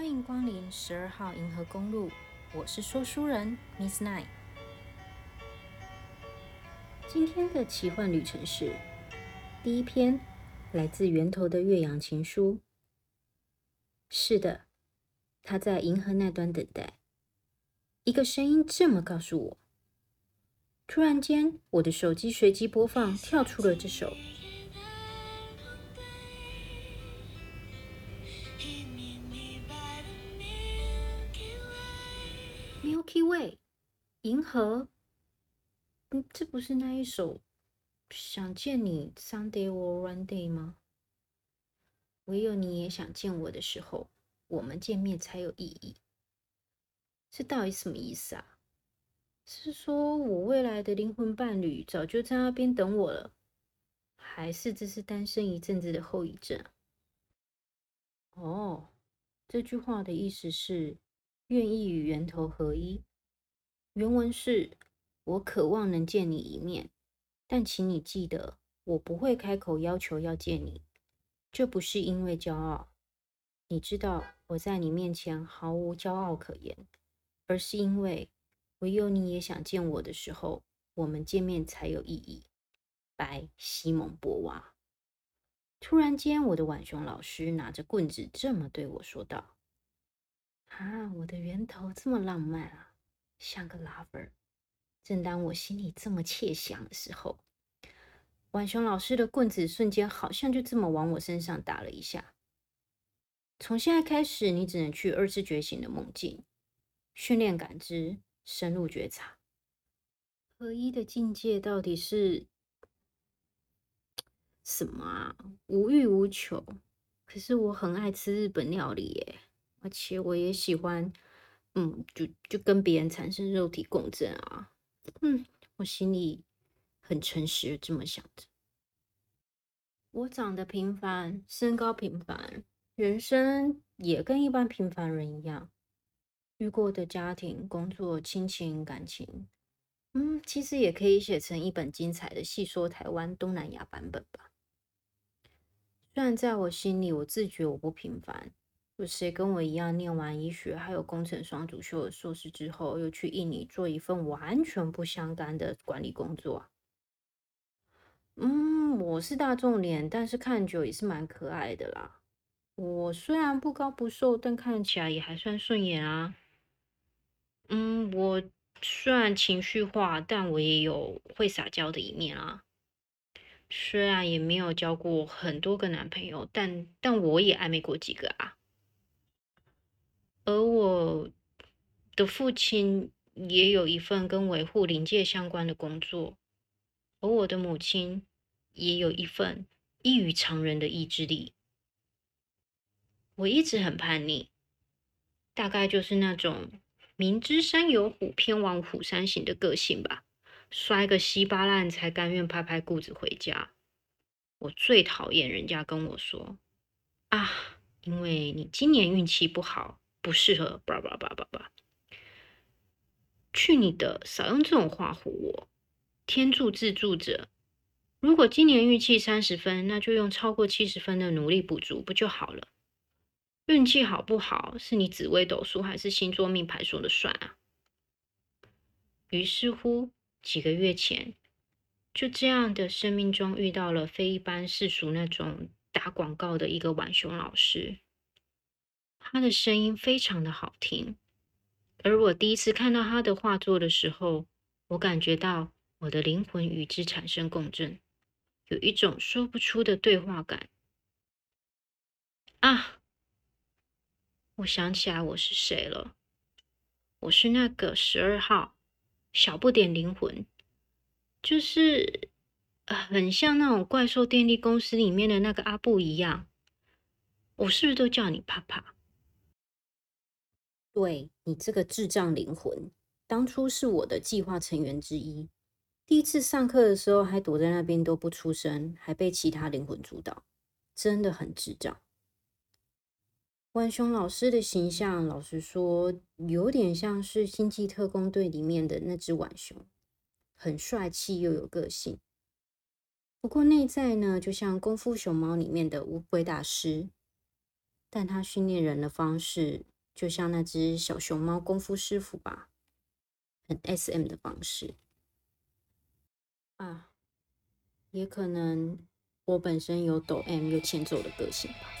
歡迎光臨十二號銀河公路，我是說書人 Miss Night。今天的奇幻旅程是第一篇，來自源頭的越洋情書。是的，他在銀河那端等待。一個聲音這麼告訴我。突然間，我的手機隨機播放，跳出了這首。Keyway 銀河，這不是那一首想見你，Someday or One Day 嗎？唯有你也想見我的時候，我們見面才有意義。這到底什麼意思啊？是說我未來的靈魂伴侶早就在那邊等我了，還是這是單身一陣子的後遺症？哦，這句話的意思是。願意與源頭合一。原文是：我渴望能見你一面，但請你記得，我不會開口要求要見你。這不是因為驕傲，你知道我在你面前毫無驕傲可言，而是因為唯有你也想見我的時候，我們見面才有意義。白西蒙波娃。突然間，我的浣熊老師拿着棍子這麼對我說道。啊，我的源頭這麼浪漫啊，像個 lover。正當我心裡這麼竊想的時候，萬雄老師的棍子瞬間好像就這麼往我身上打了一下。從現在開始，你只能去二次覺醒的夢境，訓練感知，深入覺察。合一的境界到底是什麼啊？無欲無求，可是我很愛吃日本料理耶。而且我也喜歡，嗯，就就跟別人產生肉體共振啊，嗯，我心裡很誠實，這麼想着。我長得平凡，身高平凡，人生也跟一般平凡人一樣，遇過的家庭、工作、親情、感情，嗯，其實也可以寫成一本精彩的戲說台灣東南亞版本吧。雖然在我心裡，我自覺我不平凡。有誰跟我一樣念完醫學，還有工程雙主修的碩士之後，又去印尼做一份完全不相干的管理工作？嗯，我是大眾臉，但是看久也是蠻可愛的啦。我雖然不高不瘦，但看起來也還算順眼啊。嗯，我雖然情緒化，但我也有會撒嬌的一面啊。雖然也沒有交過很多個男朋友，但但我也曖昧過幾個啊。的父親也有一份跟維護靈界相關的工作，而我的母親也有一份異於常人的意志力。我一直很叛逆，大概就是那種明知山有虎，偏往虎山行的個性吧。摔個稀巴爛才甘願拍拍褲子回家。我最討厭人家跟我說啊，因為你今年運氣不好，不適合……叭叭叭叭叭。去你的！少用這種話唬我。天助自助者，如果今年運氣三十分，那就用超過七十分的努力補足，不就好了？運氣好不好，是你紫微斗數、還是星座命牌說了算啊？於是乎，幾個月前，就這樣的生命中遇到了非一般世俗那種打廣告的一個浣熊老師，他的聲音非常的好聽。而我第一次看到他的畫作的時候，我感覺到我的靈魂與之產生共振，有一種說不出的對話感。啊！我想起來我是誰了，我是那個十二號小不點靈魂，就是呃，很像那種怪獸電力公司裡面的那個阿布一樣。我是不是都叫你帕帕？對。你這個智障靈魂，當初是我的計劃成員之一。第一次上課的時候還躲在那邊都不出聲，還被其他靈魂主導，真的很智障。浣熊老師的形象，老實說，有點像是《星際特工隊》裡面的那隻浣熊，很帥氣又有個性。不過內在呢，就像《功夫熊貓》裡面的烏龜大師，但他訓練人的方式，就像那隻小熊貓功夫師傅吧，很 SM 的方式啊，也可能我本身有抖 M 又欠揍的個性吧。